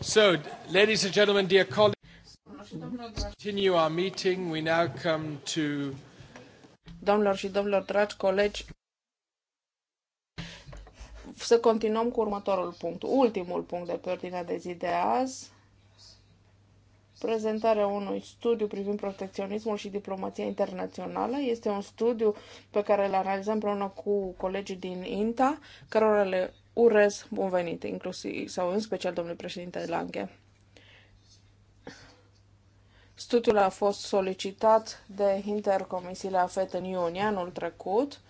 So, ladies and gentlemen, dear colleagues, continue our meeting. We now come to... Domnilor și domnilor, dragi colegi, să continuăm cu următorul punct, ultimul punct de pe ordinea de zi de azi, prezentarea unui studiu privind protecționismul și diplomația internațională. Este un studiu pe care îl analizăm împreună cu colegii din INTA, cărora le urez bun venit, inclusiv sau în special domnului președinte Lange. Studiul a fost solicitat de intercomisiile AFET în iunie anul trecut.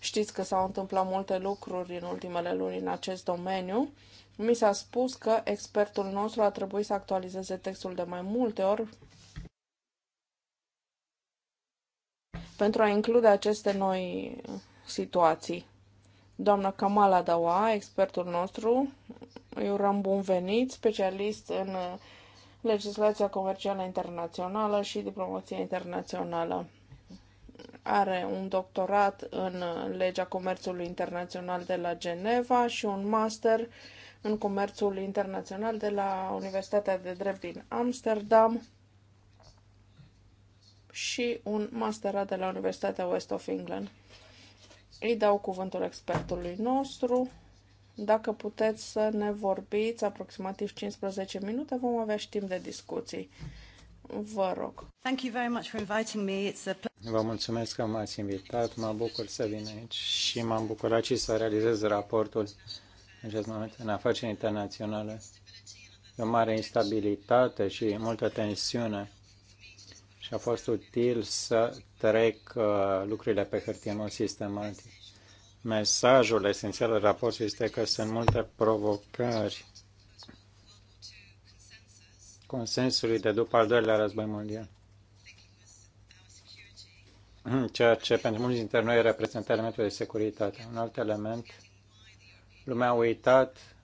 Știți că s-au întâmplat multe lucruri în ultimele luni în acest domeniu. Mi s-a spus că expertul nostru a trebuit să actualizeze textul de mai multe ori pentru a include aceste noi situații. Doamna Kamala Dawa, expertul nostru, eu urăm bun venit, specialist în uh, legislația comercială internațională și diplomația internațională. Are un doctorat în uh, legea comerțului internațional de la Geneva și un master în comerțul internațional de la Universitatea de Drept din Amsterdam și un masterat de la Universitatea West of England. Îi dau cuvântul expertului nostru. Dacă puteți să ne vorbiți aproximativ 15 minute, vom avea și timp de discuții. Vă rog. Thank you very much for inviting me. It's a Vă mulțumesc că m-ați invitat, mă bucur să vin aici și m-am bucurat și să realizez raportul în acest moment în afaceri internaționale. E o mare instabilitate și multă tensiune și a fost util să trec uh, lucrurile pe hârtie mai sistematic. Mesajul esențial al raportului este că sunt multe provocări consensului de după al doilea război mondial. Ceea ce pentru mulți dintre noi reprezintă elementul de securitate. Un alt element, lumea a uitat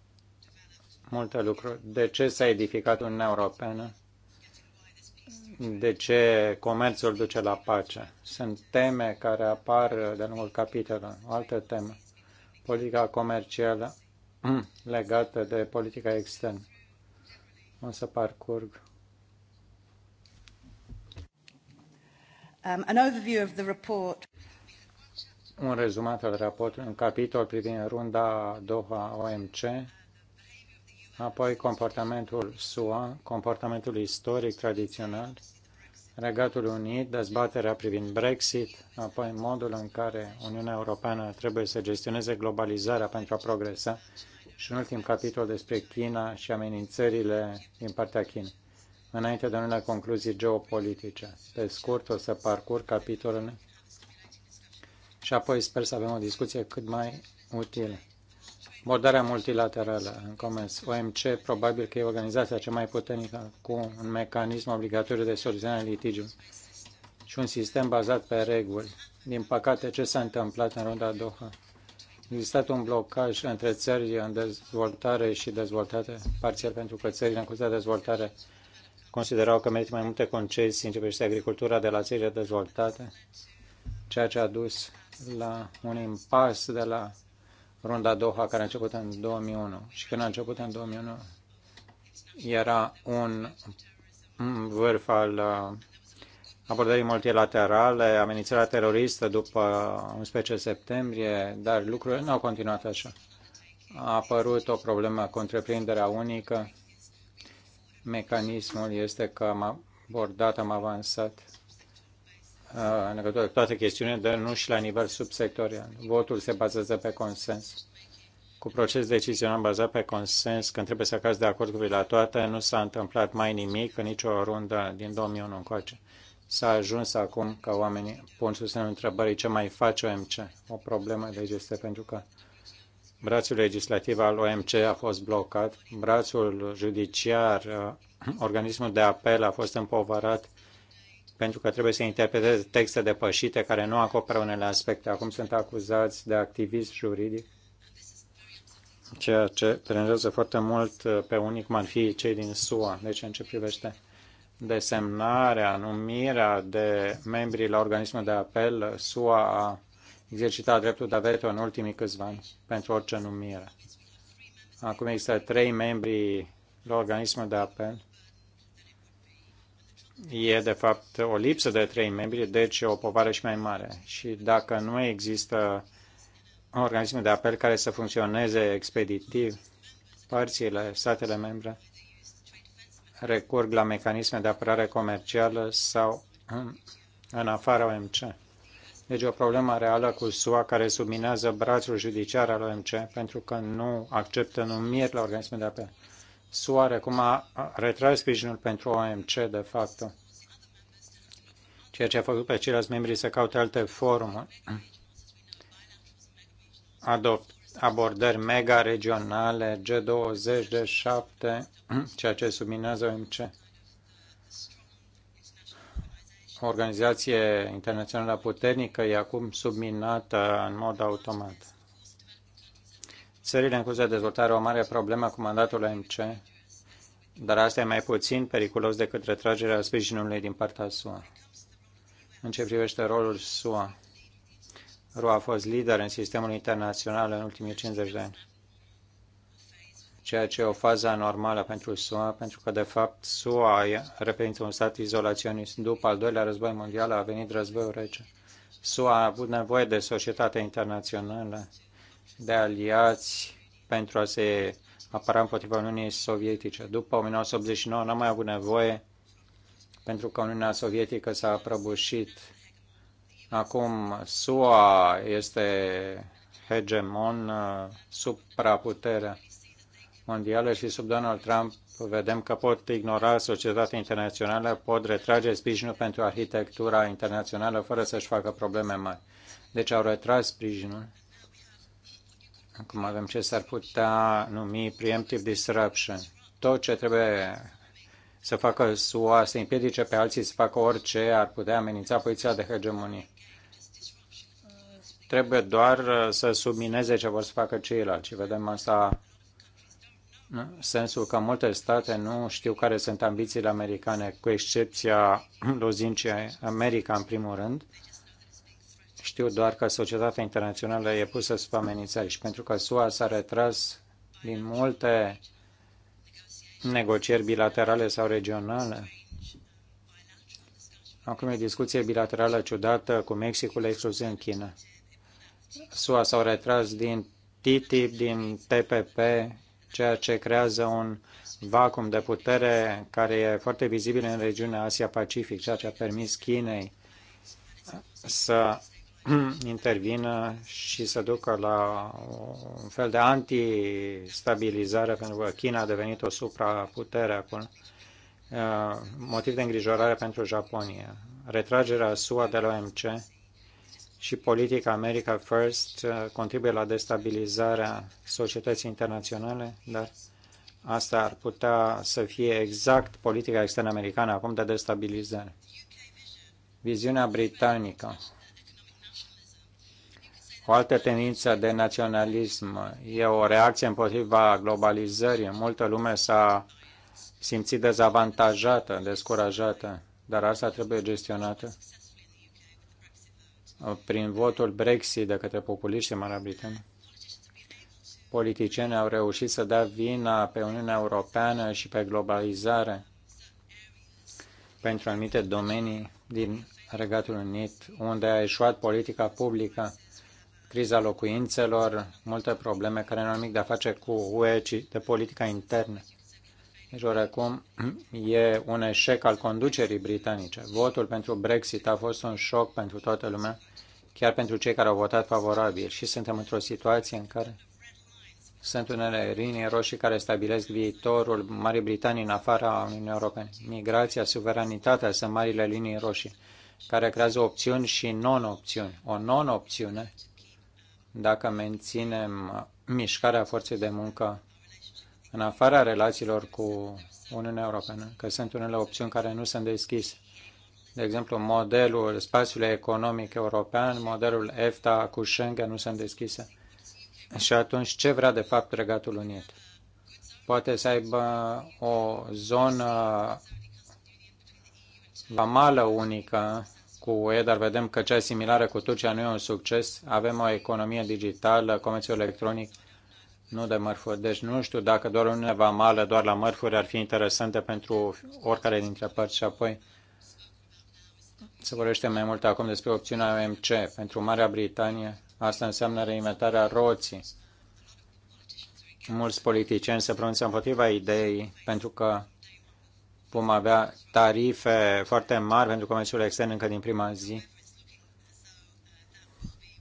multe lucruri. De ce s-a edificat Uniunea Europeană? de ce comerțul duce la pace. Sunt teme care apar de lungul capitolului. O altă temă, politica comercială legată de politica externă. O să parcurg. Um, an overview of the report. Un rezumat al raportului, un capitol privind runda Doha OMC, apoi comportamentul SUA, comportamentul istoric tradițional, Regatul Unit, dezbaterea privind Brexit, apoi modul în care Uniunea Europeană trebuie să gestioneze globalizarea pentru a progresa și un ultim capitol despre China și amenințările din partea Chinei. Înainte de unele concluzii geopolitice, pe scurt o să parcurg capitolele și apoi sper să avem o discuție cât mai utilă. Abordarea multilaterală, în comerț. OMC, probabil că e organizația cea mai puternică cu un mecanism obligatoriu de soluționare a litigiului și un sistem bazat pe reguli. Din păcate, ce s-a întâmplat în runda Doha? existat un blocaj între țări în dezvoltare și dezvoltate parțial pentru că țările în curs de dezvoltare considerau că merită mai multe concesii în ce privește agricultura de la țările dezvoltate, ceea ce a dus la un impas de la runda a doua care a început în 2001. Și când a început în 2001, era un vârf al uh, abordării multilaterale, amenințarea teroristă după 11 septembrie, dar lucrurile nu au continuat așa. A apărut o problemă cu întreprinderea unică. Mecanismul este că am abordat, am avansat Uh, în legătură cu toate chestiunile, dar nu și la nivel subsectorial. Votul se bazează pe consens. Cu proces decizional bazat pe consens, când trebuie să cazi de acord cu la toate, nu s-a întâmplat mai nimic în nicio rundă din 2001 încoace. S-a ajuns acum ca oamenii pun sus în întrebări ce mai face OMC. O problemă deci este pentru că brațul legislativ al OMC a fost blocat, brațul judiciar, uh, organismul de apel a fost împovărat pentru că trebuie să interpreteze texte depășite care nu acoperă unele aspecte. Acum sunt acuzați de activism juridic, ceea ce trenează foarte mult uh, pe unii cum ar fi cei din SUA. Deci în ce privește desemnarea, numirea de membri la organismul de apel, SUA a exercitat dreptul de veto în ultimii câțiva ani pentru orice numire. Acum există trei membri la organismul de apel e de fapt o lipsă de trei membri, deci o povară și mai mare. Și dacă nu există un organism de apel care să funcționeze expeditiv, părțile, statele membre, recurg la mecanisme de apărare comercială sau în, în afara OMC. Deci o problemă reală cu SUA care subminează brațul judiciar al OMC pentru că nu acceptă numiri la organisme de apel. SUA acum a retras sprijinul pentru OMC, de fapt, ceea ce a făcut pe ceilalți membri să caute alte forumuri, adopt abordări mega-regionale, G20, G7, ceea ce subminează OMC. O organizație internațională puternică e acum subminată în mod automat. Țările în curs de dezvoltare au o mare problemă cu mandatul OMC, dar asta e mai puțin periculos decât retragerea sprijinului din partea SUA. În ce privește rolul SUA, RUA a fost lider în sistemul internațional în ultimii 50 de ani, ceea ce e o fază anormală pentru SUA, pentru că, de fapt, SUA reprezintă un stat izolaționist. După al doilea război mondial a venit războiul rece. SUA a avut nevoie de societatea internațională de aliați pentru a se apăra împotriva Uniunii Sovietice. După 1989 n-am mai avut nevoie pentru că Uniunea Sovietică s-a prăbușit. Acum SUA este hegemon, uh, supraputere mondială și sub Donald Trump vedem că pot ignora societatea internațională, pot retrage sprijinul pentru arhitectura internațională fără să-și facă probleme mari. Deci au retras sprijinul Acum avem ce s-ar putea numi preemptive disruption. Tot ce trebuie să facă SUA, să împiedice pe alții să facă orice ar putea amenința poziția de hegemonie. Trebuie doar uh, să submineze ce vor să facă ceilalți. Și vedem asta în sensul că multe state nu știu care sunt ambițiile americane, cu excepția lozincii America, în primul rând, știu doar că societatea internațională e pusă sub amenințări și pentru că SUA s-a retras din multe negocieri bilaterale sau regionale. Acum e discuție bilaterală ciudată cu Mexicul exclusiv în China. SUA s-au retras din TTIP, din TPP, ceea ce creează un vacum de putere care e foarte vizibil în regiunea Asia-Pacific, ceea ce a permis Chinei să Hmm. intervină și să ducă la un fel de antistabilizare, pentru că China a devenit o supraputere acum, uh, motiv de îngrijorare pentru Japonia. Retragerea SUA de la OMC și politica America First uh, contribuie la destabilizarea societății internaționale, dar asta ar putea să fie exact politica externă americană acum de destabilizare. Viziunea britanică o altă tendință de naționalism. E o reacție împotriva globalizării. Multă lume s-a simțit dezavantajată, descurajată, dar asta trebuie gestionată prin votul Brexit de către populiști în Marea Britanie. Politicienii au reușit să dea vina pe Uniunea Europeană și pe globalizare pentru anumite domenii din Regatul Unit, unde a eșuat politica publică criza locuințelor, multe probleme care nu au nimic de a face cu UE, ci de politica internă. Deci, oricum, e un eșec al conducerii britanice. Votul pentru Brexit a fost un șoc pentru toată lumea, chiar pentru cei care au votat favorabil. Și suntem într-o situație în care sunt unele linii roșii care stabilesc viitorul Marii Britanii în afara Uniunii Europene. Migrația, suveranitatea sunt marile linii roșii care creează opțiuni și non-opțiuni. O non-opțiune dacă menținem mișcarea forței de muncă în afara relațiilor cu Uniunea Europeană, că sunt unele opțiuni care nu sunt deschise. De exemplu, modelul spațiului economic european, modelul EFTA cu Schengen nu sunt deschise. Și atunci ce vrea de fapt Regatul Unit? Poate să aibă o zonă vamală unică cu UE, dar vedem că cea similară cu Turcia nu e un succes. Avem o economie digitală, comerțul electronic, nu de mărfuri. Deci nu știu dacă doar Uniunea Vamală, doar la mărfuri ar fi interesante pentru oricare dintre părți și apoi se vorbește mai mult acum despre opțiunea OMC. Pentru Marea Britanie asta înseamnă reinventarea roții. Mulți politicieni se pronunță împotriva ideii pentru că vom avea tarife foarte mari pentru comerțul extern încă din prima zi.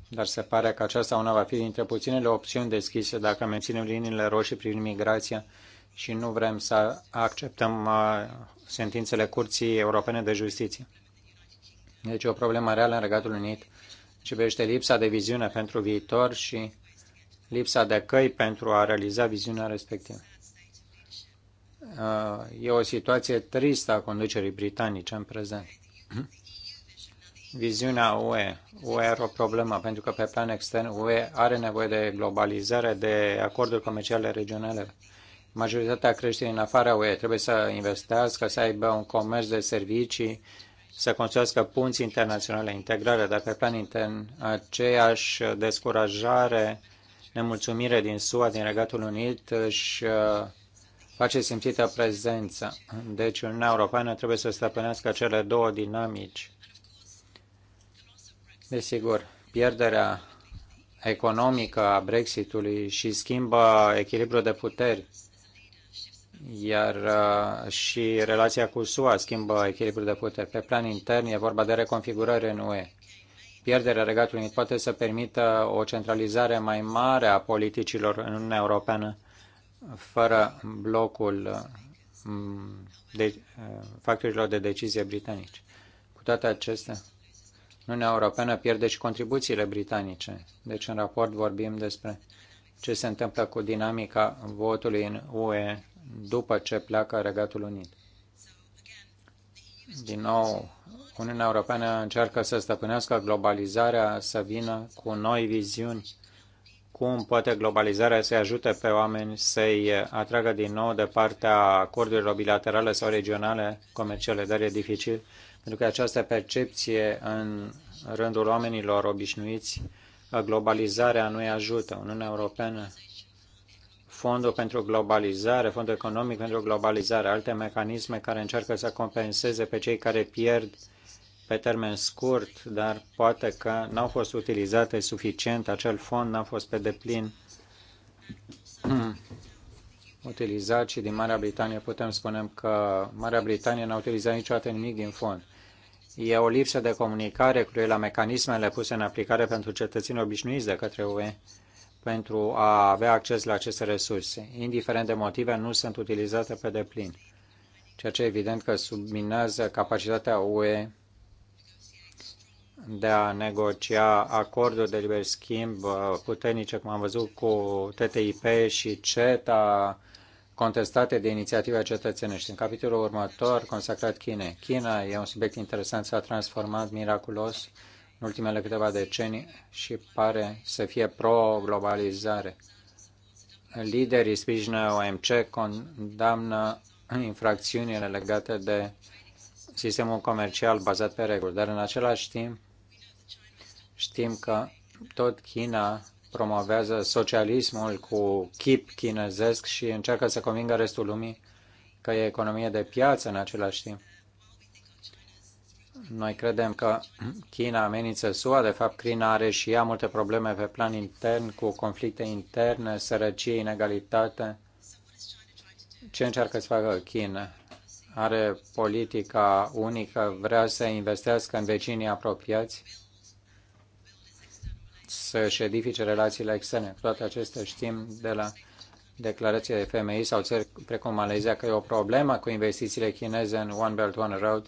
Dar se pare că aceasta una va fi dintre puținele opțiuni deschise dacă menținem liniile roșii prin migrația și nu vrem să acceptăm uh, sentințele Curții Europene de Justiție. Deci o problemă reală în Regatul Unit ce vește lipsa de viziune pentru viitor și lipsa de căi pentru a realiza viziunea respectivă. Uh, e o situație tristă a conducerii britanice în prezent. Viziunea UE. UE are o problemă pentru că pe plan extern UE are nevoie de globalizare, de acorduri comerciale regionale. Majoritatea creșterii în afara UE trebuie să investească, să aibă un comerț de servicii, să construiască punți internaționale, integrare, dar pe plan intern aceeași descurajare, nemulțumire din SUA, din Regatul Unit și uh, face simțită prezența. Deci Uniunea Europeană trebuie să stăpânească cele două dinamici. Desigur, pierderea economică a Brexitului și schimbă echilibrul de puteri, iar uh, și relația cu SUA schimbă echilibrul de puteri. Pe plan intern e vorba de reconfigurare în UE. Pierderea Regatului Unit poate să permită o centralizare mai mare a politicilor în Uniunea Europeană fără blocul de, factorilor de decizie britanici. Cu toate acestea, Uniunea Europeană pierde și contribuțiile britanice. Deci în raport vorbim despre ce se întâmplă cu dinamica votului în UE după ce pleacă Regatul Unit. Din nou, Uniunea Europeană încearcă să stăpânească globalizarea, să vină cu noi viziuni cum poate globalizarea să ajute pe oameni să-i atragă din nou de partea acordurilor bilaterale sau regionale comerciale, dar e dificil pentru că această percepție în rândul oamenilor obișnuiți, globalizarea nu îi ajută. Uniunea Europeană, Fondul pentru Globalizare, Fondul Economic pentru Globalizare, alte mecanisme care încearcă să compenseze pe cei care pierd uh, pe termen scurt, dar poate că n-au fost utilizate suficient, acel fond n-a fost pe deplin utilizat și din Marea Britanie putem spune că Marea Britanie n-a utilizat niciodată nimic din fond. E o lipsă de comunicare cu la mecanismele puse în aplicare pentru cetățenii obișnuiți de către UE pentru a avea acces la aceste resurse. Indiferent de motive, nu sunt utilizate pe deplin, ceea ce evident că subminează capacitatea UE de a negocia acorduri de liber schimb uh, puternice, cum am văzut cu TTIP și CETA, contestate de inițiativa cetățenești. În capitolul următor, consacrat Chinei. China e un subiect interesant, s-a transformat miraculos în ultimele câteva decenii și pare să fie pro-globalizare. Liderii sprijină OMC, condamnă infracțiunile legate de sistemul comercial bazat pe reguli, dar în același timp Știm că tot China promovează socialismul cu chip chinezesc și încearcă să convingă restul lumii că e economie de piață în același timp. Noi credem că China amenință SUA, de fapt China are și ea multe probleme pe plan intern, cu conflicte interne, sărăcie, inegalitate. Ce încearcă să facă China? Are politica unică, vrea să investească în vecinii apropiați să-și edifice relațiile externe. Toate acestea știm de la declarația de FMI sau țări precum Malezia că e o problemă cu investițiile chineze în One Belt, One Road.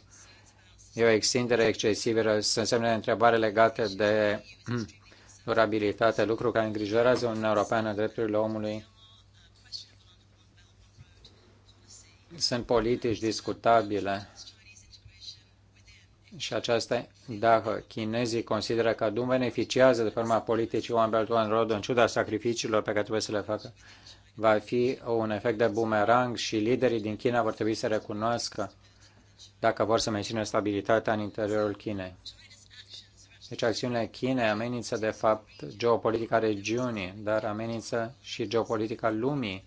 E o extindere excesivă, sunt semne de întrebare legate de durabilitate, lucru care îngrijorează Uniunea Europeană drepturilor omului. Sunt politici discutabile și aceasta dacă chinezii consideră că Adun beneficiază de forma politicii One Belt One Road în ciuda sacrificiilor pe care trebuie să le facă, va fi un efect de bumerang și liderii din China vor trebui să recunoască dacă vor să mențină stabilitatea în interiorul Chinei. Deci acțiunile Chinei amenință de fapt geopolitica regiunii, dar amenință și geopolitica lumii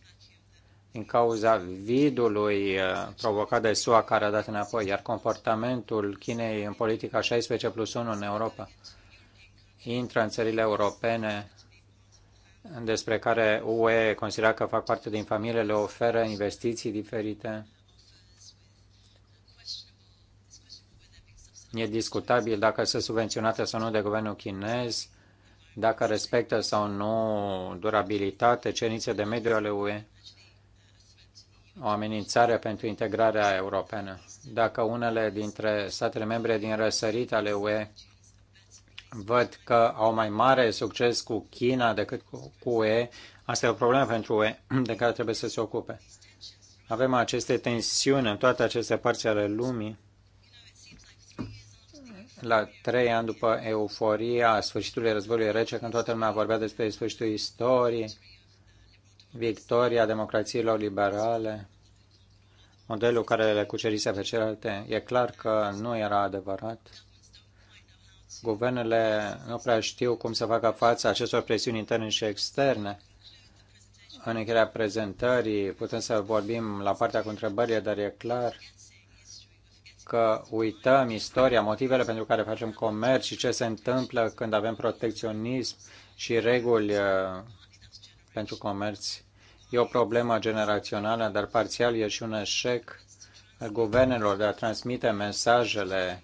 din cauza vidului uh, provocat de SUA care a dat înapoi, iar comportamentul Chinei în politica 16 plus 1 în Europa intră în țările europene despre care UE considera că fac parte din familie, le oferă investiții diferite. E discutabil dacă sunt subvenționate sau nu de guvernul chinez, dacă respectă sau nu durabilitate, cerințe de mediu ale UE o amenințare pentru integrarea europeană. Dacă unele dintre statele membre din răsărit ale UE văd că au mai mare succes cu China decât cu UE, asta e o problemă pentru UE de care trebuie să se ocupe. Avem aceste tensiuni în toate aceste părți ale lumii. La trei ani după euforia sfârșitului războiului rece, când toată lumea vorbea despre sfârșitul istoriei, victoria democrațiilor liberale, modelul care le cucerise pe celelalte, e clar că nu era adevărat. Guvernele nu prea știu cum să facă față acestor presiuni interne și externe. În încheierea prezentării putem să vorbim la partea cu întrebările, dar e clar că uităm istoria, motivele pentru care facem comerț și ce se întâmplă când avem protecționism și reguli uh, pentru comerț e o problemă generațională, dar parțial e și un eșec al guvernelor de a transmite mesajele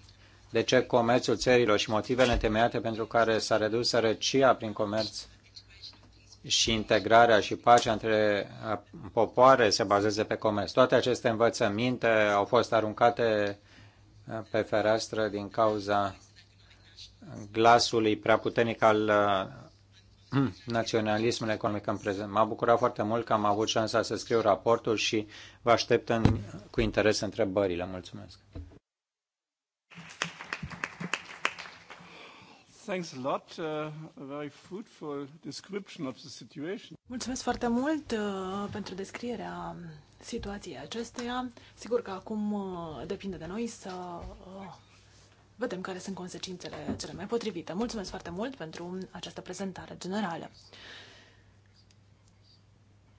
de ce comerțul țărilor și motivele întemeiate pentru care s-a redus sărăcia prin comerț și integrarea și pacea între popoare se bazeze pe comerț. Toate aceste învățăminte au fost aruncate pe fereastră din cauza glasului prea puternic al Mm, naționalismul economic în prezent. M-a bucurat foarte mult că am avut șansa să scriu raportul și vă aștept în, cu interes întrebările. Mulțumesc! Thanks a lot. Uh, a very fruitful description of the situation. Mulțumesc foarte mult uh, pentru descrierea situației acesteia. Sigur că acum uh, depinde de noi să uh, vedem care sunt consecințele cele mai potrivite. Mulțumesc foarte mult pentru această prezentare generală.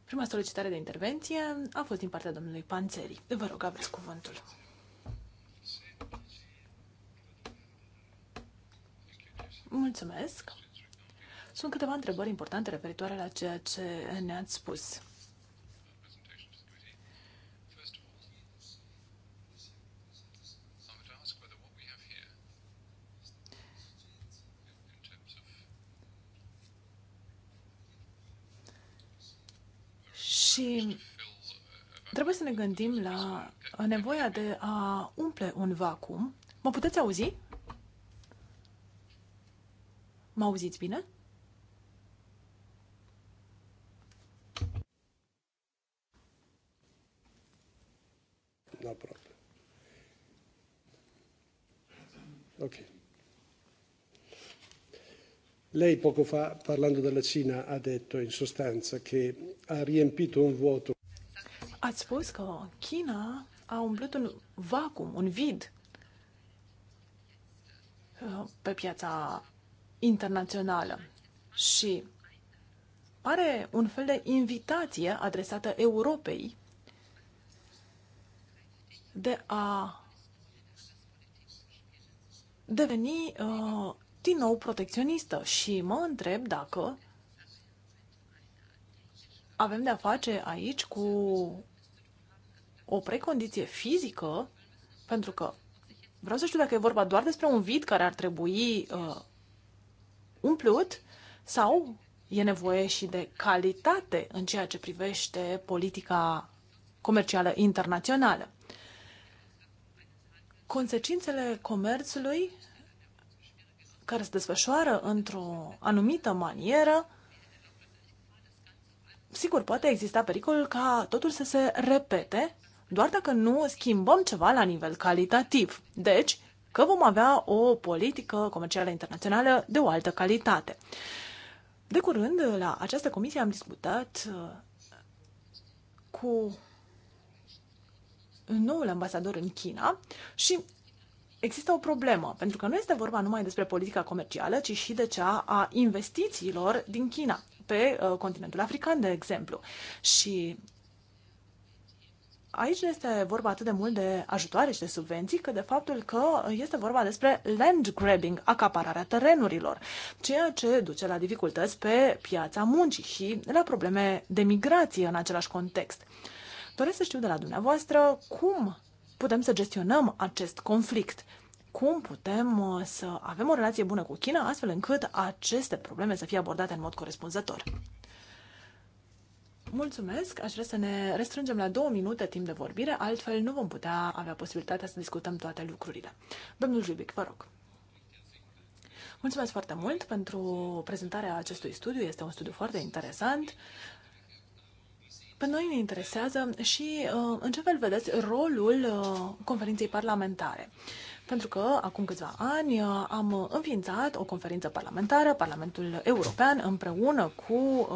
Prima solicitare de intervenție a fost din partea domnului Panțeri. Vă rog, aveți cuvântul. Mulțumesc. Sunt câteva întrebări importante referitoare la ceea ce ne-ați spus. Și trebuie să ne gândim la nevoia de a umple un vacuum. Mă puteți auzi? Mă auziți bine? No da, problem. Okay. Lei poco fa, parlando della Cina, ha detto in sostanza che ha riempito un vuoto. Ați spus că China a umplut un vacuum, un vid uh, pe piața internațională și pare un fel de invitație adresată Europei de a deveni uh, din nou protecționistă și mă întreb dacă avem de-a face aici cu o precondiție fizică, pentru că vreau să știu dacă e vorba doar despre un vid care ar trebui uh, umplut sau e nevoie și de calitate în ceea ce privește politica comercială internațională. Consecințele comerțului care se desfășoară într-o anumită manieră, sigur, poate exista pericolul ca totul să se repete, doar dacă nu schimbăm ceva la nivel calitativ. Deci, că vom avea o politică comercială internațională de o altă calitate. De curând, la această comisie am discutat uh, cu noul ambasador în China și există o problemă, pentru că nu este vorba numai despre politica comercială, ci și de cea a investițiilor din China, pe uh, continentul african, de exemplu. Și aici nu este vorba atât de mult de ajutoare și de subvenții, cât de faptul că este vorba despre land grabbing, acapararea terenurilor, ceea ce duce la dificultăți pe piața muncii și la probleme de migrație în același context. Doresc să știu de la dumneavoastră cum putem să gestionăm acest conflict? Cum putem uh, să avem o relație bună cu China astfel încât aceste probleme să fie abordate în mod corespunzător? Mulțumesc! Aș vrea să ne restrângem la două minute timp de vorbire, altfel nu vom putea avea posibilitatea să discutăm toate lucrurile. Domnul Jubic, vă rog! Mulțumesc foarte mult pentru prezentarea acestui studiu. Este un studiu foarte interesant. Pe noi ne interesează și uh, în ce fel vedeți rolul uh, conferinței parlamentare. Pentru că acum câțiva ani uh, am înființat o conferință parlamentară, Parlamentul European, împreună cu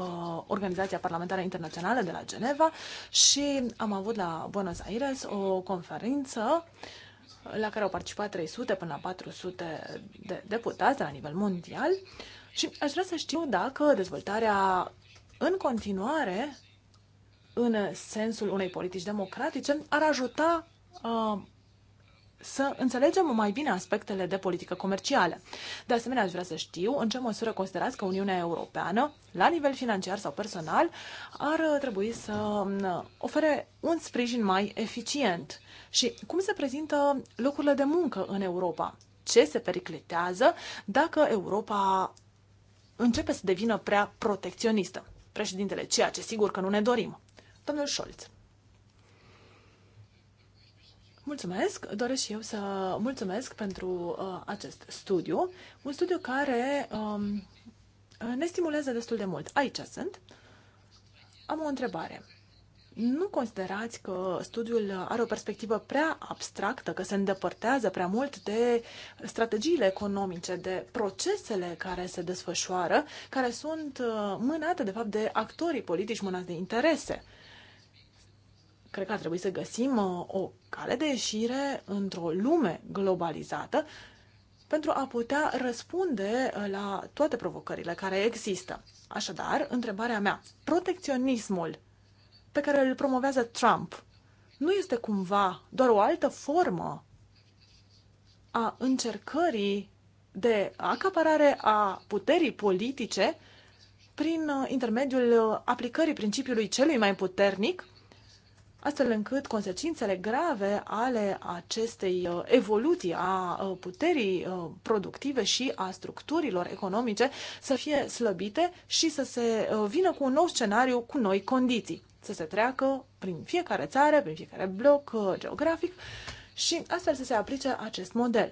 Organizația Parlamentară Internațională de la Geneva și am avut la Buenos Aires o conferință la care au participat 300 până la 400 de deputați de la nivel mondial și aș vrea să știu dacă dezvoltarea în continuare în sensul unei politici democratice ar ajuta uh, să înțelegem mai bine aspectele de politică comercială. De asemenea, aș vrea să știu în ce măsură considerați că Uniunea Europeană, la nivel financiar sau personal, ar trebui să um, ofere un sprijin mai eficient. Și cum se prezintă locurile de muncă în Europa? Ce se periclitează dacă Europa începe să devină prea protecționistă? Președintele, ceea ce sigur că nu ne dorim. Domnul Scholz. Mulțumesc, doresc și eu să mulțumesc pentru uh, acest studiu, un studiu care um, ne stimulează destul de mult. Aici sunt. Am o întrebare. Nu considerați că studiul are o perspectivă prea abstractă, că se îndepărtează prea mult de strategiile economice, de procesele care se desfășoară, care sunt uh, mânate, de fapt, de actorii politici mânați de interese? Cred că ar trebui să găsim uh, o cale de ieșire într-o lume globalizată pentru a putea răspunde uh, la toate provocările care există. Așadar, întrebarea mea, protecționismul pe care îl promovează Trump nu este cumva doar o altă formă a încercării de acaparare a puterii politice prin uh, intermediul aplicării principiului celui mai puternic astfel încât consecințele grave ale acestei uh, evoluții a uh, puterii uh, productive și a structurilor economice să fie slăbite și să se vină cu un nou scenariu cu noi condiții, să se treacă prin fiecare țară, prin fiecare bloc geografic și astfel să se aplice acest model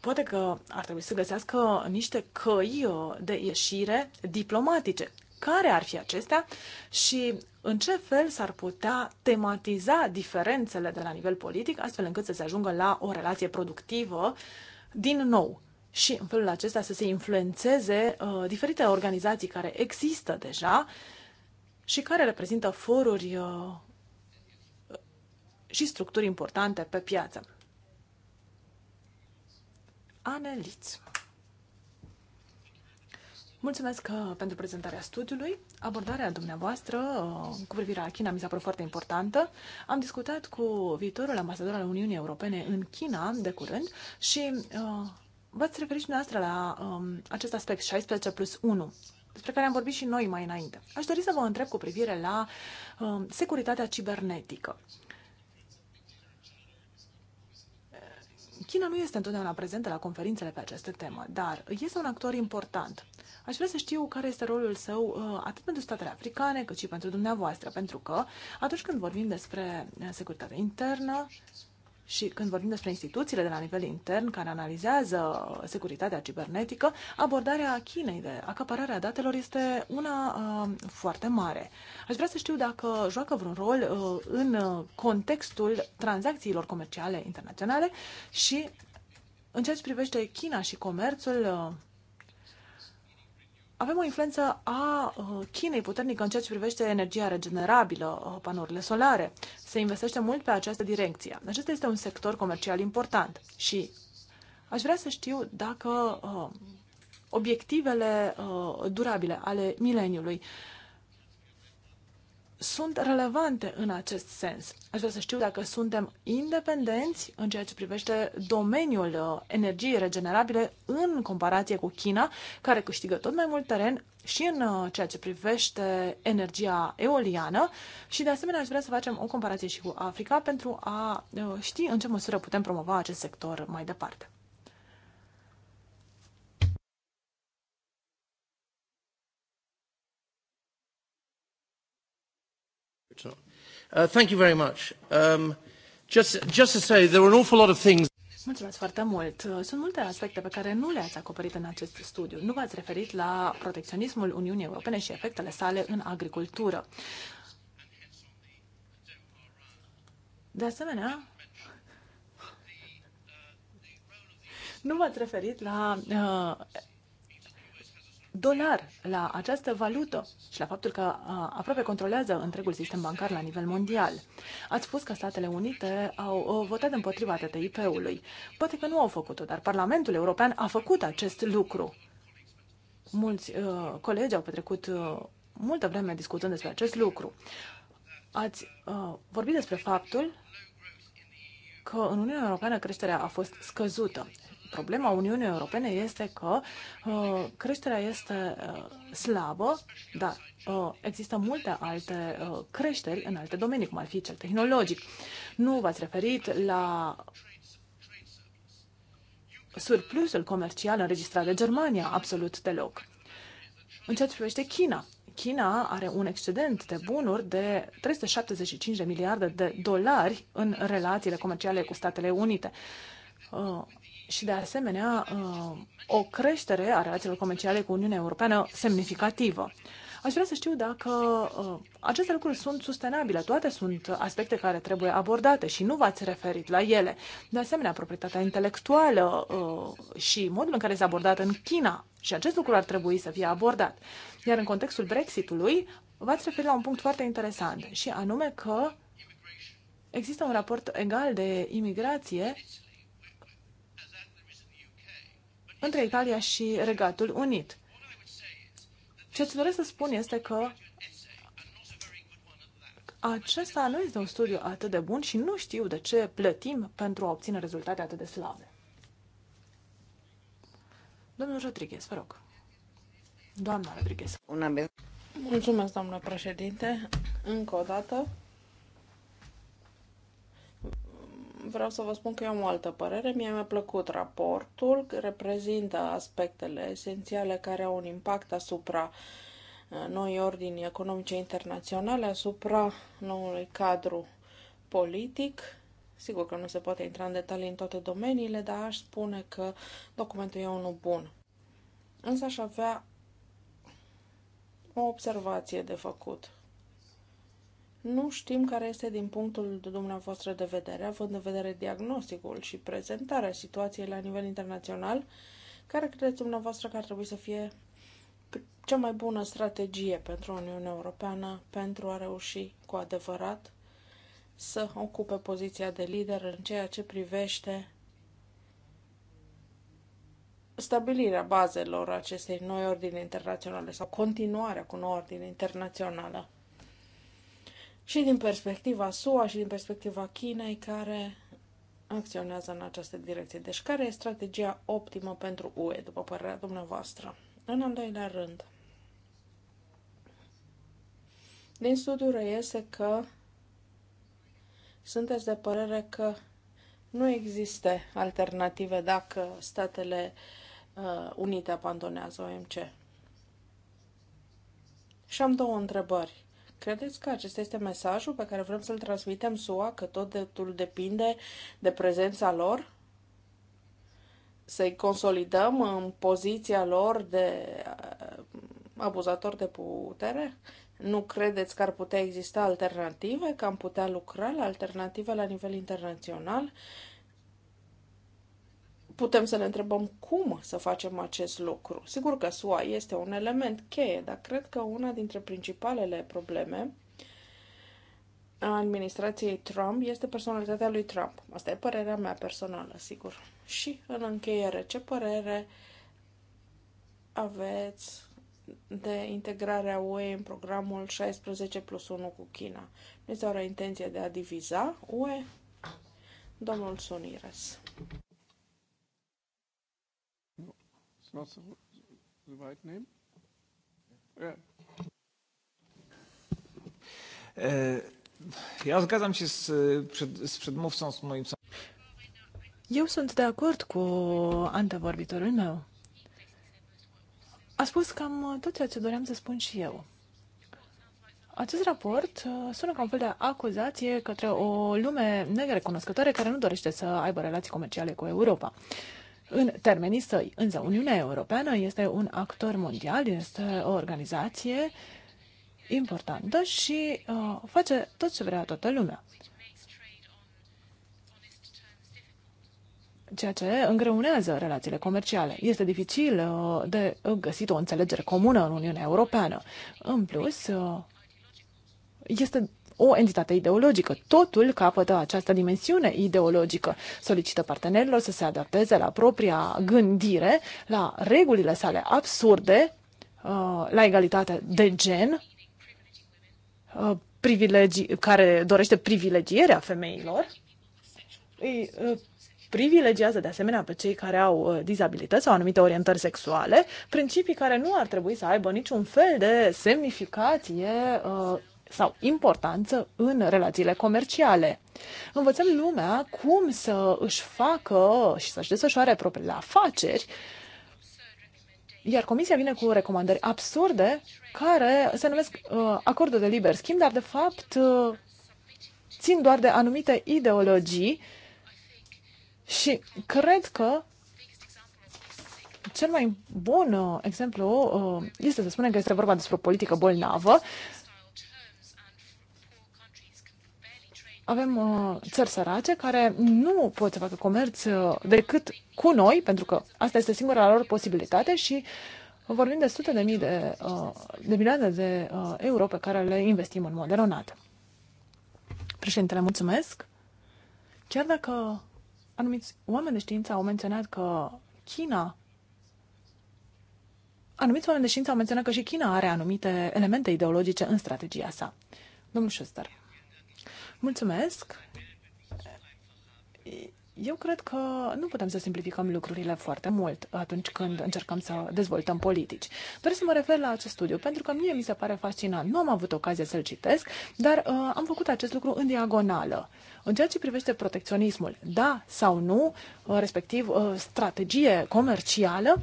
poate că ar trebui să găsească niște căi de ieșire diplomatice, care ar fi acestea și în ce fel s-ar putea tematiza diferențele de la nivel politic, astfel încât să se ajungă la o relație productivă din nou și în felul acesta să se influențeze uh, diferite organizații care există deja și care reprezintă foruri uh, și structuri importante pe piață. Aneliți. Mulțumesc uh, pentru prezentarea studiului. Abordarea dumneavoastră uh, cu privire la China mi s-a părut foarte importantă. Am discutat cu viitorul ambasador al Uniunii Europene în China de curând și uh, v-ați referit și dumneavoastră la um, acest aspect 16 plus 1 despre care am vorbit și noi mai înainte. Aș dori să vă întreb cu privire la uh, securitatea cibernetică. Uh, China nu este întotdeauna prezentă la conferințele pe această temă, dar este un actor important. Aș vrea să știu care este rolul său uh, atât pentru statele africane, cât și pentru dumneavoastră, pentru că atunci când vorbim despre uh, securitate internă, și când vorbim despre instituțiile de la nivel intern care analizează securitatea cibernetică, abordarea Chinei de acapararea datelor este una uh, foarte mare. Aș vrea să știu dacă joacă vreun rol uh, în contextul tranzacțiilor comerciale internaționale și în ceea ce privește China și comerțul, uh, avem o influență a uh, Chinei puternică în ceea ce privește energia regenerabilă, uh, panourile solare. Se investește mult pe această direcție. Acesta este un sector comercial important și aș vrea să știu dacă uh, obiectivele durabile ale mileniului sunt relevante în acest sens. Aș vrea să știu dacă suntem independenți în ceea ce privește domeniul uh, energiei regenerabile în comparație cu China, care câștigă tot mai mult teren și în uh, ceea ce privește energia eoliană și de asemenea aș vrea să facem o comparație și cu Africa pentru a uh, ști în ce măsură putem promova acest sector mai departe. Uh, thank you very much. Um, just, just to say, there an awful lot of things. Mulțumesc foarte mult. Uh, sunt multe aspecte pe care nu le-ați acoperit în acest studiu. Nu v-ați referit la protecționismul Uniunii Europene și efectele sale în agricultură. De asemenea, nu v-ați referit la uh, dolar, la această valută și la faptul că aproape controlează întregul sistem bancar la nivel mondial. Ați spus că Statele Unite au votat împotriva TTIP-ului. Poate că nu au făcut-o, dar Parlamentul European a făcut acest lucru. Mulți uh, colegi au petrecut uh, multă vreme discutând despre acest lucru. Ați uh, vorbit despre faptul că în Uniunea Europeană creșterea a fost scăzută problema Uniunii Europene este că uh, creșterea este uh, slabă, dar uh, există multe alte uh, creșteri în alte domenii, cum ar fi cel tehnologic. Nu v-ați referit la surplusul comercial înregistrat de Germania, absolut deloc. În ceea ce privește China, China are un excedent de bunuri de 375 de miliarde de dolari în relațiile comerciale cu Statele Unite. Uh, și, de asemenea, uh, o creștere a relațiilor comerciale cu Uniunea Europeană semnificativă. Aș vrea să știu dacă uh, aceste lucruri sunt sustenabile. Toate sunt aspecte care trebuie abordate și nu v-ați referit la ele. De asemenea, proprietatea intelectuală uh, și modul în care este abordat în China și acest lucru ar trebui să fie abordat. Iar în contextul Brexitului, v-ați referit la un punct foarte interesant și anume că există un raport egal de imigrație între Italia și Regatul Unit. Ce ce doresc să spun este că acesta nu este un studiu atât de bun și nu știu de ce plătim pentru a obține rezultate atât de slabe. Domnul Rodriguez, vă rog. Doamna Rodriguez. Mulțumesc, doamnă președinte. Încă o dată, vreau să vă spun că eu am o altă părere. Mie mi-a plăcut raportul, reprezintă aspectele esențiale care au un impact asupra uh, noi ordini economice internaționale, asupra noului cadru politic. Sigur că nu se poate intra în detalii în toate domeniile, dar aș spune că documentul e unul bun. Însă aș avea o observație de făcut nu știm care este din punctul de dumneavoastră de vedere, având în vedere diagnosticul și prezentarea situației la nivel internațional, care credeți dumneavoastră că ar trebui să fie cea mai bună strategie pentru Uniunea Europeană pentru a reuși cu adevărat să ocupe poziția de lider în ceea ce privește stabilirea bazelor acestei noi ordini internaționale sau continuarea cu noua ordine internațională și din perspectiva SUA și din perspectiva Chinei care acționează în această direcție. Deci care e strategia optimă pentru UE, după părerea dumneavoastră? În al doilea rând, din studiu reiese că sunteți de părere că nu există alternative dacă Statele uh, Unite abandonează OMC. Și am două întrebări. Credeți că acesta este mesajul pe care vrem să-l transmitem SUA, că tot totul depinde de prezența lor? Să-i consolidăm în poziția lor de uh, abuzator de putere? Nu credeți că ar putea exista alternative, că am putea lucra la alternative la nivel internațional? putem să ne întrebăm cum să facem acest lucru. Sigur că SUA este un element cheie, dar cred că una dintre principalele probleme a administrației Trump este personalitatea lui Trump. Asta e părerea mea personală, sigur. Și în încheiere, ce părere aveți de integrarea UE în programul 16 plus 1 cu China? Nu este o intenție de a diviza UE? Domnul Suniras. noch so, so weit nehmen? Ja. Ja zgadzam się z, przed, z przedmówcą, z moim Eu sunt de acord cu antevorbitorul meu. A spus cam tot ceea ce doream să spun și eu. Acest raport sună ca un fel de acuzație către o lume negrecunoscătoare care nu dorește să aibă relații comerciale cu Europa în termenii săi. Însă Uniunea Europeană este un actor mondial, este o organizație importantă și uh, face tot ce vrea toată lumea. ceea ce îngreunează relațiile comerciale. Este dificil uh, de găsit o înțelegere comună în Uniunea Europeană. În plus, uh, este o entitate ideologică. Totul capătă această dimensiune ideologică. Solicită partenerilor să se adapteze la propria gândire, la regulile sale absurde, uh, la egalitate de gen, uh, care dorește privilegierea femeilor, îi uh, privilegiază de asemenea pe cei care au dizabilități sau anumite orientări sexuale, principii care nu ar trebui să aibă niciun fel de semnificație sau importanță în relațiile comerciale. Învățăm lumea cum să își facă și să-și desfășoare propriile afaceri, iar Comisia vine cu recomandări absurde care se numesc uh, acordul de liber schimb, dar de fapt uh, țin doar de anumite ideologii și cred că cel mai bun uh, exemplu uh, este să spunem că este vorba despre o politică bolnavă avem uh, țări sărace care nu pot să facă comerț uh, decât cu noi, pentru că asta este singura lor posibilitate și vorbim de sute de mii de, uh, de milioane de uh, euro pe care le investim în mod eronat. Președintele, mulțumesc. Chiar dacă anumiți oameni de știință au menționat că China Anumiți oameni de știință au menționat că și China are anumite elemente ideologice în strategia sa. Domnul Schuster. Mulțumesc! Eu cred că nu putem să simplificăm lucrurile foarte mult atunci când încercăm să dezvoltăm politici. Doresc să mă refer la acest studiu, pentru că mie mi se pare fascinant. Nu am avut ocazia să-l citesc, dar uh, am făcut acest lucru în diagonală. În ceea ce privește protecționismul, da sau nu, uh, respectiv uh, strategie comercială,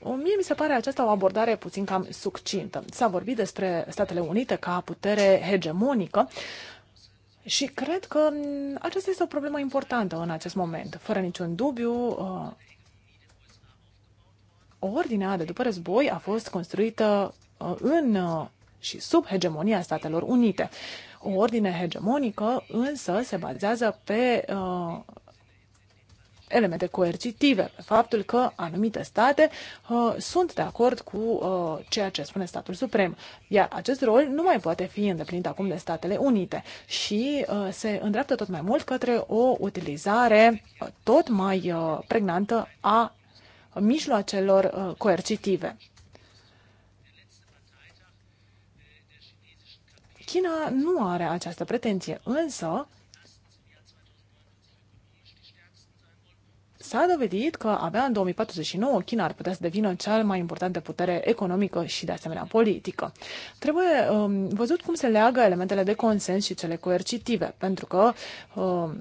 uh, Mie mi se pare aceasta o abordare puțin cam succintă. S-a vorbit despre Statele Unite ca putere hegemonică, și cred că aceasta este o problemă importantă în acest moment. Fără niciun dubiu, uh, ordinea de după război a fost construită uh, în uh, și sub hegemonia Statelor Unite. O ordine hegemonică însă se bazează pe uh, elemente coercitive, pe faptul că anumite state uh, sunt de acord cu uh, ceea ce spune statul suprem. Iar acest rol nu mai poate fi îndeplinit acum de Statele Unite și uh, se îndreaptă tot mai mult către o utilizare uh, tot mai uh, pregnantă a mijloacelor uh, coercitive. China nu are această pretenție, însă s-a dovedit că abia în 2049 China ar putea să devină cea mai importantă putere economică și de asemenea politică. Trebuie um, văzut cum se leagă elementele de consens și cele coercitive, pentru că um,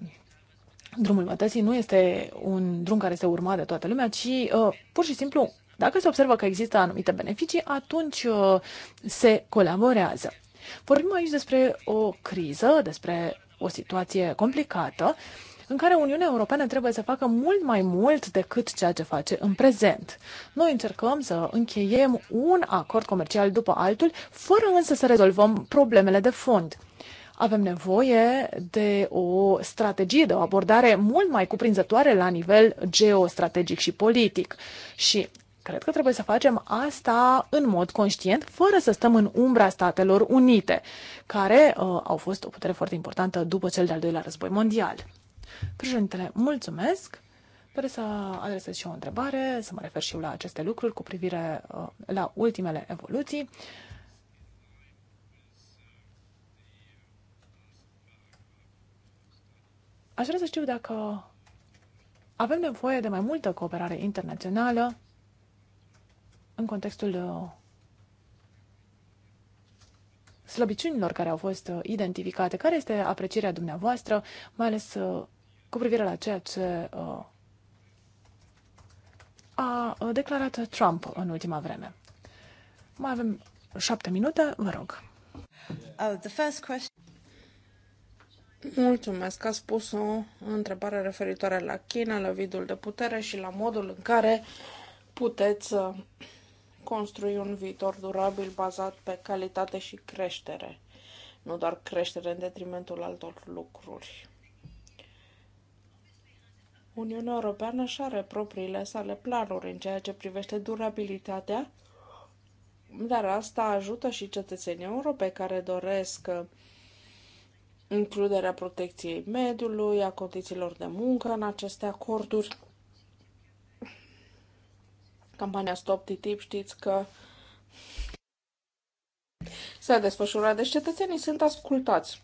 drumul mătății nu este un drum care se urma de toată lumea, ci uh, pur și simplu dacă se observă că există anumite beneficii, atunci uh, se colaborează. Vorbim aici despre o criză, despre o situație complicată, uh, în care Uniunea Europeană trebuie să facă mult mai mult decât ceea ce face în prezent. Noi încercăm să încheiem un acord comercial după altul, fără însă să rezolvăm problemele de fond avem nevoie de o strategie, de o abordare mult mai cuprinzătoare la nivel geostrategic și politic. Și cred că trebuie să facem asta în mod conștient, fără să stăm în umbra Statelor Unite, care uh, au fost o putere foarte importantă după cel de-al doilea război mondial. Președintele, mulțumesc! Doresc să adresez și o întrebare, să mă refer și eu la aceste lucruri cu privire uh, la ultimele evoluții. Aș vrea să știu dacă avem nevoie de mai multă cooperare internațională în contextul uh, slăbiciunilor care au fost uh, identificate. Care este aprecierea dumneavoastră, mai ales cu privire la ceea ce uh, a uh, declarat Trump în ultima vreme. Mai avem șapte minute, vă rog. Uh, the first question... Mulțumesc. A spus o întrebare referitoare la China, la vidul de putere și la modul în care puteți uh, construi un viitor durabil bazat pe calitate și creștere, nu doar creștere în detrimentul altor lucruri. Uniunea Europeană și are propriile sale planuri în ceea ce privește durabilitatea, dar asta ajută și cetățenii europei care doresc uh, includerea protecției mediului, a condițiilor de muncă în aceste acorduri. Campania Stop TTIP știți că s-a desfășurat, deci cetățenii sunt ascultați.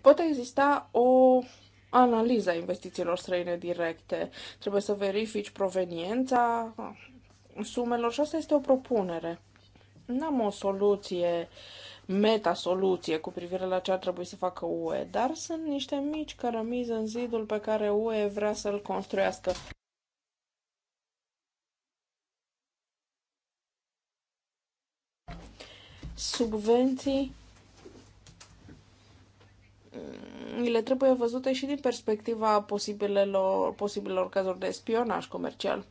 Pot exista o analiza investițiilor străine directe. Trebuie să verifici proveniența ah, sumelor și asta este o propunere. N-am o soluție, meta-soluție cu privire la ce ar trebui să facă UE, dar sunt niște mici cărămizi în zidul pe care UE vrea să-l construiască. Subvenții ele mm, trebuie văzute și din perspectiva posibilelor, posibilor cazuri de spionaj comercial.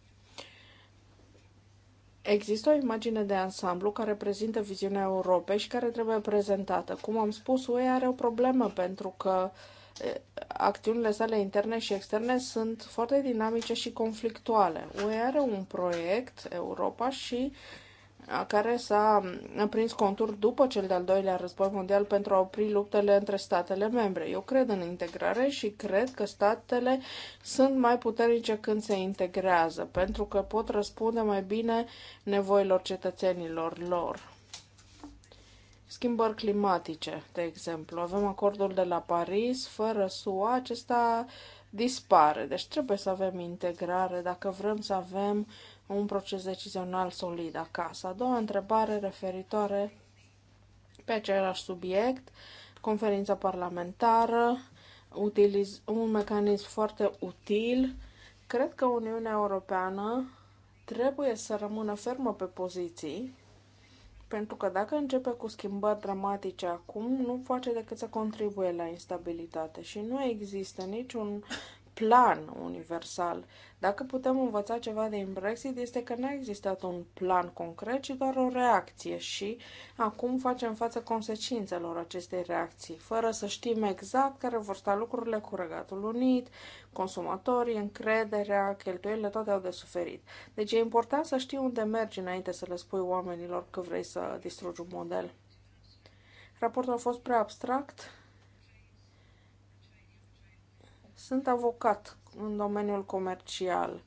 Există o imagine de ansamblu care prezintă viziunea Europei și care trebuie prezentată. Cum am spus, UE are o problemă pentru că acțiunile sale interne și externe sunt foarte dinamice și conflictuale. UE are un proiect, Europa, și uh, care s-a prins contur după cel de-al doilea război mondial pentru a opri luptele între statele membre. Eu cred în integrare și cred că statele sunt mai puternice când se integrează, pentru că pot răspunde mai bine nevoilor cetățenilor lor. Schimbări climatice, de exemplu. Avem acordul de la Paris, fără SUA, acesta uh, dispare. Deci trebuie să avem integrare dacă vrem să avem un proces decizional solid acasă. A doua întrebare referitoare pe același subiect, conferința parlamentară, utiliz- un mecanism foarte util. Cred că Uniunea Europeană trebuie să rămână fermă pe poziții pentru că dacă începe cu schimbări dramatice acum, nu face decât să contribuie la instabilitate și nu există niciun plan universal. Dacă putem învăța ceva din Brexit, este că n-a existat un plan concret, ci doar o reacție și acum facem față consecințelor acestei reacții, fără să știm exact care vor sta lucrurile cu Regatul Unit, consumatorii, încrederea, cheltuielile, toate au de suferit. Deci e important să știi unde mergi înainte să le spui oamenilor că vrei să distrugi un model. Raportul a fost prea abstract, sunt avocat în domeniul comercial.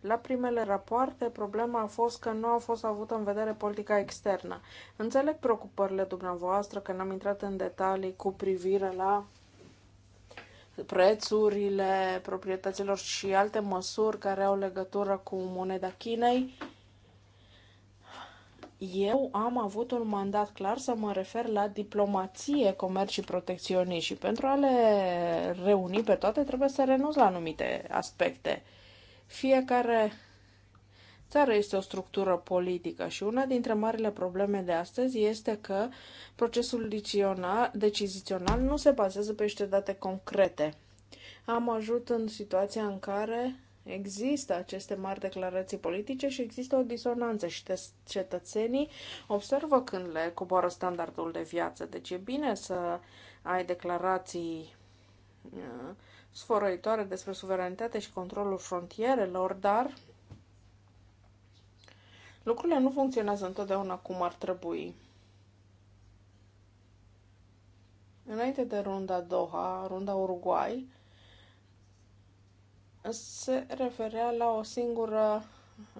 La primele rapoarte, problema a fost că nu a fost avută în vedere politica externă. Înțeleg preocupările dumneavoastră că n-am intrat în detalii cu privire la prețurile proprietăților și alte măsuri care au legătură cu moneda Chinei eu am avut un mandat clar să mă refer la diplomație, comerț și protecționism și pentru a le reuni pe toate trebuie să renunț la anumite aspecte. Fiecare țară este o structură politică și una dintre marile probleme de astăzi este că procesul decizional nu se bazează pe niște date concrete. Am ajut în situația în care Există aceste mari declarații politice și există o disonanță și cetățenii observă când le coboară standardul de viață. Deci e bine să ai declarații uh, sfărăitoare despre suveranitate și controlul frontierelor, dar lucrurile nu funcționează întotdeauna cum ar trebui. Înainte de runda Doha, runda Uruguay, se referea la o singură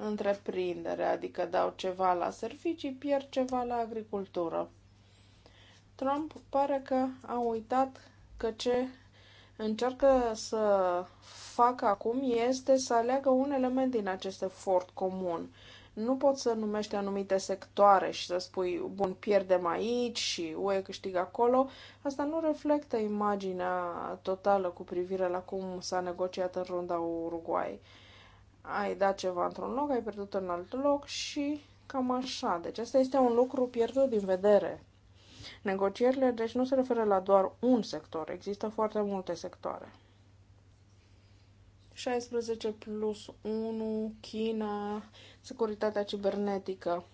întreprindere, adică dau ceva la servicii, pierd ceva la agricultură. Trump pare că a uitat că ce încearcă să facă acum este să aleagă un element din acest efort comun nu poți să numești anumite sectoare și să spui, bun, pierdem aici și UE câștigă acolo. Asta nu reflectă imaginea totală cu privire la cum s-a negociat în runda Uruguay. Ai dat ceva într-un loc, ai pierdut în alt loc și cam așa. Deci asta este un lucru pierdut din vedere. Negocierile, deci, nu se referă la doar un sector, există foarte multe sectoare. 16 plus 1, China, securitatea cibernetică.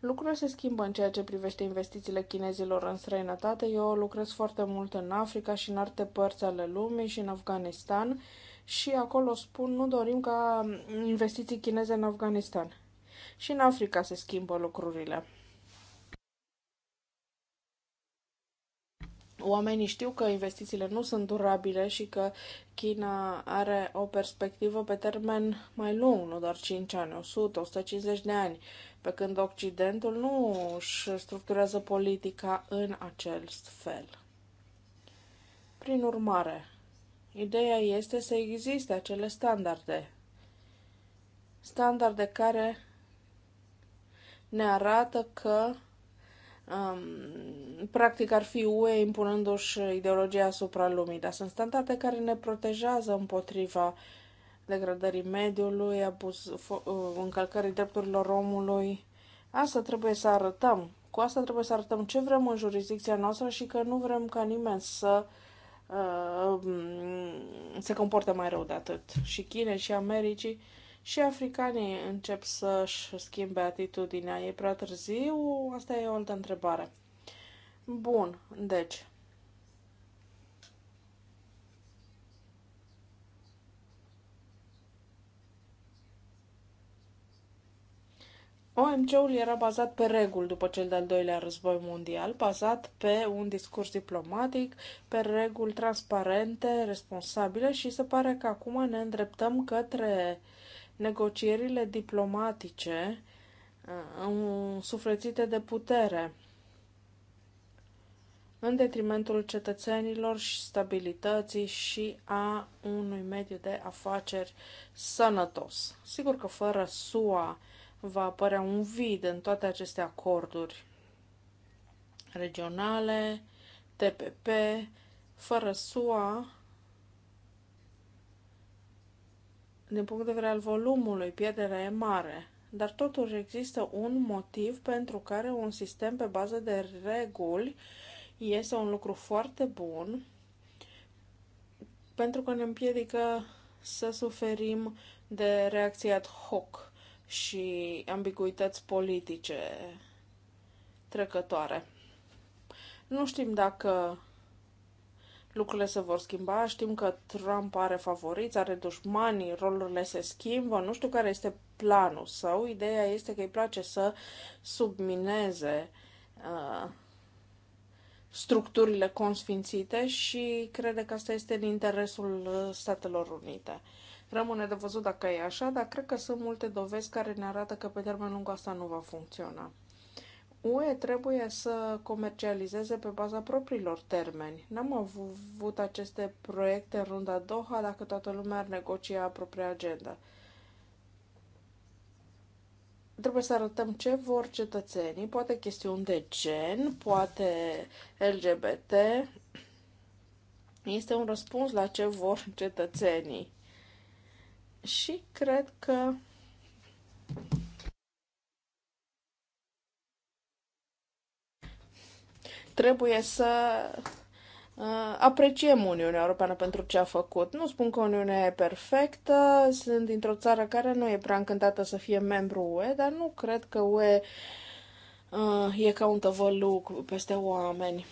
Lucrurile se schimbă în ceea ce privește investițiile chinezilor în străinătate. Eu lucrez foarte mult în Africa și în alte părți ale lumii și în Afganistan și acolo spun nu dorim ca investiții chineze în Afganistan. Și în Africa se schimbă lucrurile. oamenii știu că investițiile nu sunt durabile și că China are o perspectivă pe termen mai lung, nu doar 5 ani, 100, 150 de ani, pe când Occidentul nu își structurează politica în acel fel. Prin urmare, ideea este să existe acele standarde. Standarde care ne arată că um, practic ar fi UE impunându-și ideologia asupra lumii, dar sunt standarde care ne protejează împotriva degradării mediului, abuz, uh, încălcării drepturilor omului. Asta trebuie să arătăm. Cu asta trebuie să arătăm ce vrem în jurisdicția noastră și că nu vrem ca nimeni să uh, um, se comporte mai rău de atât. Și China și Americii și africanii încep să-și schimbe atitudinea. E prea târziu? Asta e o altă întrebare. Bun, deci. OMC-ul era bazat pe reguli după cel de-al doilea război mondial, bazat pe un discurs diplomatic, pe reguli transparente, responsabile și se pare că acum ne îndreptăm către uh, negocierile diplomatice uh, sufletite de putere în detrimentul cetățenilor și stabilității și a unui mediu de afaceri sănătos. Sigur că fără SUA va apărea un vid în toate aceste acorduri regionale, TPP, fără SUA Din punct de vedere al volumului, pierderea e mare, dar totuși există un motiv pentru care un sistem pe bază de reguli este un lucru foarte bun, pentru că ne împiedică să suferim de reacții ad hoc și ambiguități politice trecătoare. Nu știm dacă lucrurile se vor schimba. Știm că Trump are favoriți, are dușmani, rolurile se schimbă, nu știu care este planul său. Ideea este că îi place să submineze uh, structurile consfințite și crede că asta este în interesul uh, Statelor Unite. Rămâne de văzut dacă e așa, dar cred că sunt multe dovezi care ne arată că pe termen lung asta nu va funcționa. UE trebuie să comercializeze pe baza propriilor termeni. N-am avut aceste proiecte în runda Doha dacă toată lumea ar negocia propria agenda. Trebuie să arătăm ce vor cetățenii, poate chestiuni de gen, poate LGBT. Este un răspuns la ce vor cetățenii. Și cred că trebuie să uh, apreciem Uniunea Europeană pentru ce a făcut. Nu spun că Uniunea e perfectă, sunt dintr-o țară care nu e prea încântată să fie membru UE, dar nu cred că UE uh, e ca un tăvăluc peste oameni.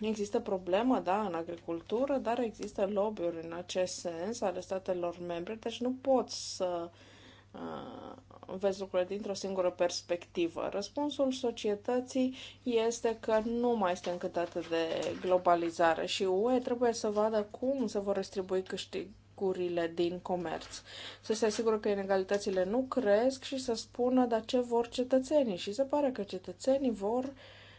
Există problemă, da, în agricultură, dar există lobby-uri în acest sens ale statelor membre, deci nu pot să uh, Uh, vezi lucrurile dintr-o singură perspectivă. Răspunsul societății este că nu mai este încât atât de globalizare și UE trebuie să vadă cum se vor distribui câștig curile din comerț. Să se asigură că inegalitățile nu cresc și să spună, dar ce vor cetățenii? Și se pare că cetățenii vor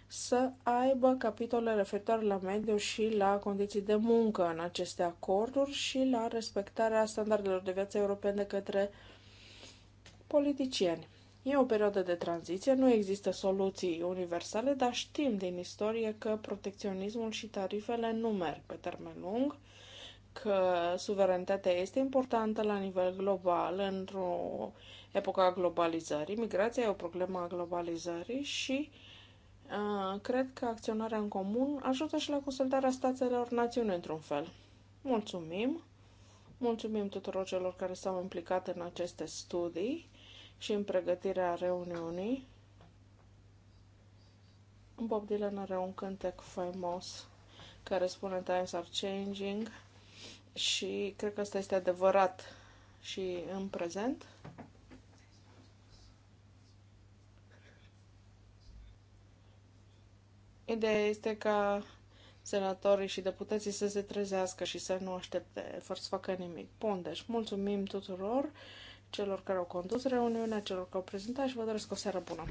să aibă capitole referitoare la mediu și la condiții de muncă în aceste acorduri și la respectarea standardelor de viață europene de către uh, politicieni. E o perioadă de tranziție, nu există soluții universale, dar știm din istorie că protecționismul și tarifele nu merg pe termen lung, că suveranitatea este importantă la nivel global într-o epoca globalizării. Migrația e o problemă a globalizării și uh, cred că acționarea în comun ajută și la consolidarea statelor națiune într-un fel. Mulțumim! Mulțumim tuturor celor care s-au implicat în aceste studii și în pregătirea reuniunii. Bob Dylan are un cântec faimos care spune Times are changing și cred că asta este adevărat și în prezent. Ideea este ca senatorii și deputații să se trezească și să nu aștepte fără să facă nimic. Bun, deci mulțumim tuturor celor care au condus reuniunea, celor care au prezentat și vă doresc o seară bună!